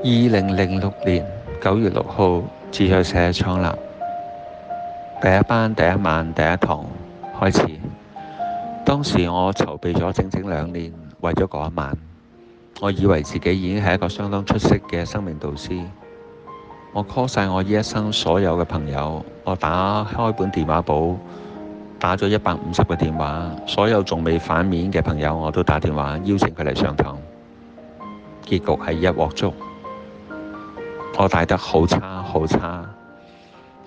二零零六年九月六號，自在社創立第一班第一晚第一堂開始。當時我籌備咗整整兩年，為咗嗰一晚。我以為自己已經係一個相當出色嘅生命導師。我 call 晒我一生所有嘅朋友，我打開本電話簿，打咗一百五十個電話，所有仲未反面嘅朋友我都打電話邀請佢嚟上堂。結局係一鑊粥。我帶得好差，好差！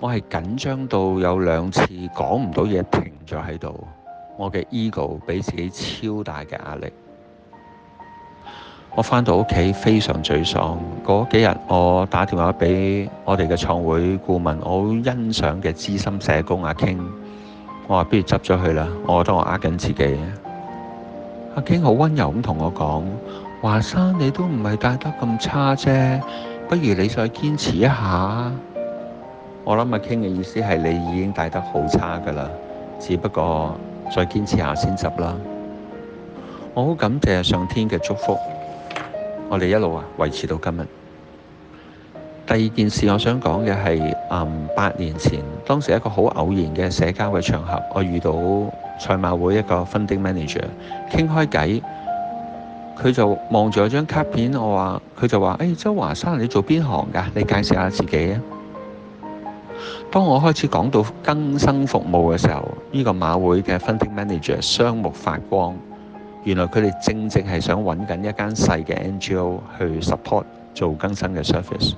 我係緊張到有兩次講唔到嘢，停咗喺度。我嘅 ego 俾自己超大嘅壓力。我返到屋企非常沮喪。嗰幾日我打電話俾我哋嘅創會顧問，我好欣賞嘅資深社工阿傾，我話不如執咗佢啦。我覺得我呃緊自己。阿傾好溫柔咁同我講：華山，你都唔係帶得咁差啫。不如你再堅持一下。啊，我諗阿傾嘅意思係你已經帶得好差噶啦，只不過再堅持下先執啦。我好感謝上天嘅祝福，我哋一路啊維持到今日。第二件事我想講嘅係，八年前當時一個好偶然嘅社交嘅場合，我遇到賽馬會一個 funding manager 傾開偈。佢就望住我張卡片，我話佢就話，誒、哎，周華山，你做邊行㗎？你介紹下自己啊！當我開始講到更生服務嘅時候，呢、這個馬會嘅 funding manager 雙目發光。原來佢哋正正係想揾緊一間細嘅 NGO 去 support 做更生嘅 service。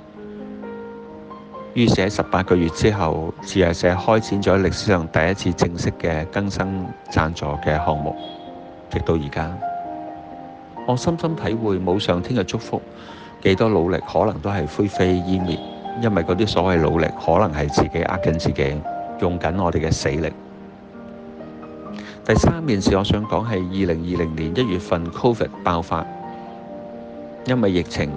於是喺十八個月之後，自在社開展咗歷史上第一次正式嘅更生贊助嘅項目。直到而家。我深深體會冇上天嘅祝福，幾多努力可能都係灰飛煙滅，因為嗰啲所謂努力可能係自己呃緊自己，用緊我哋嘅死力。第三件事我想講係二零二零年一月份 Covid 爆發，因為疫情，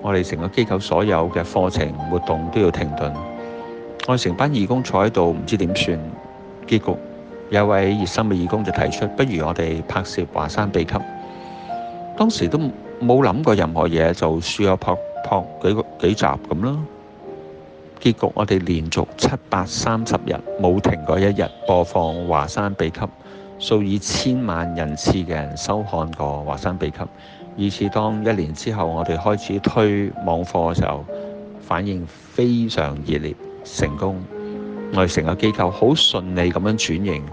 我哋成個機構所有嘅課程活動都要停頓。我成班義工坐喺度唔知點算，結局有位熱心嘅義工就提出，不如我哋拍攝華山秘笈。當時都冇諗過任何嘢，就輸咗播播幾個幾集咁咯。結局我哋連續七百三十日冇停過一日播放《華山秘笈》，數以千萬人次嘅人收看過《華山秘笈》。以至當一年之後，我哋開始推網課嘅時候，反應非常熱烈，成功。我哋成個機構好順利咁樣轉型。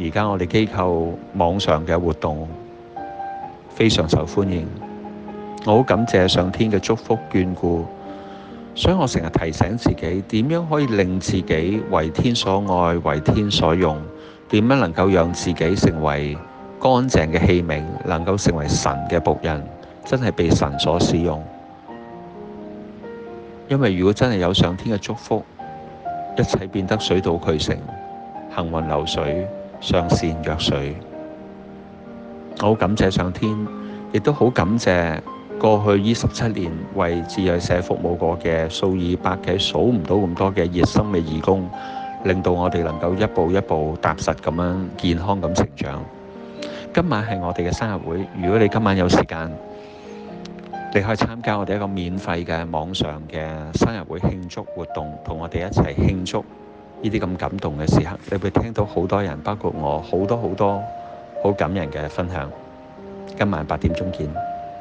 而家我哋機構網上嘅活動。非常受歡迎，我好感謝上天嘅祝福眷顧，所以我成日提醒自己點樣可以令自己為天所愛、為天所用，點樣能夠讓自己成為乾淨嘅器皿，能夠成為神嘅僕人，真係被神所使用。因為如果真係有上天嘅祝福，一切變得水到渠成，行雲流水，上善若水。我好感謝上天，亦都好感謝過去呢十七年為自在社服務過嘅數以百計數唔到咁多嘅熱心嘅義工，令到我哋能夠一步一步踏實咁樣健康咁成長。今晚係我哋嘅生日會，如果你今晚有時間，你可以參加我哋一個免費嘅網上嘅生日會慶祝活動，同我哋一齊慶祝呢啲咁感動嘅時刻。你會聽到好多人，包括我好多好多。好感人嘅分享，今晚八點鐘見。